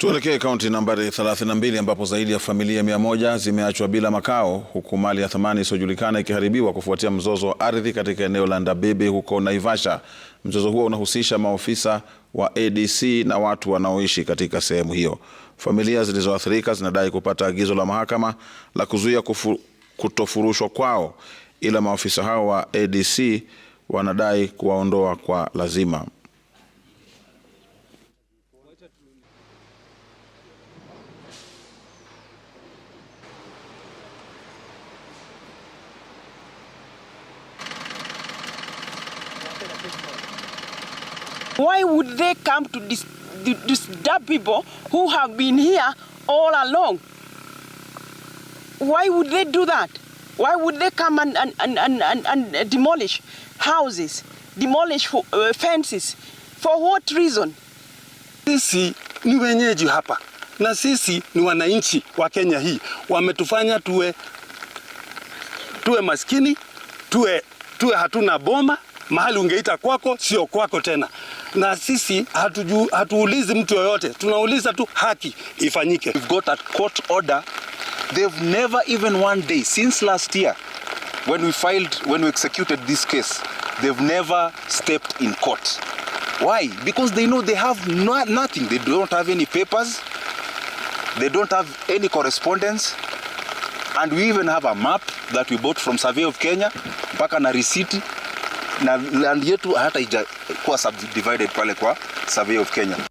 Tuelekee kaunti nambari 32 ambapo zaidi ya familia mia moja zimeachwa bila makao huku mali ya thamani isiyojulikana ikiharibiwa kufuatia mzozo wa ardhi katika eneo la Ndabebe huko Naivasha. Mzozo huo unahusisha maofisa wa ADC na watu wanaoishi katika sehemu hiyo. Familia zilizoathirika zinadai kupata agizo la mahakama la kuzuia kutofurushwa kwao, ila maofisa hao wa ADC wanadai kuwaondoa kwa lazima. Why would they come to dis disturb people who have been here all along? Why would they do that? Why would they come and, and, and, and, and demolish houses, demolish uh, fences? For what reason? Sisi ni wenyeji na sisi ni wananchi wa Kenya hii, wametufanya tuwe, tuwe maskini tuwe, tuwe hatuna boma mahali ungeita kwako sio kwako tena. Na sisi hatuju, hatuulizi mtu yoyote, tunauliza tu haki ifanyike. We've got a court order. They've never even one day since last year when we filed, when we executed this case, they've never stepped in court. Why? Because they know they have no, nothing. They don't have any papers. They don't have any correspondence and we even have a map that we bought from Survey of Kenya mpaka na receipt na land yetu hata ijakuwa subdivided pale kwa Survey of Kenya.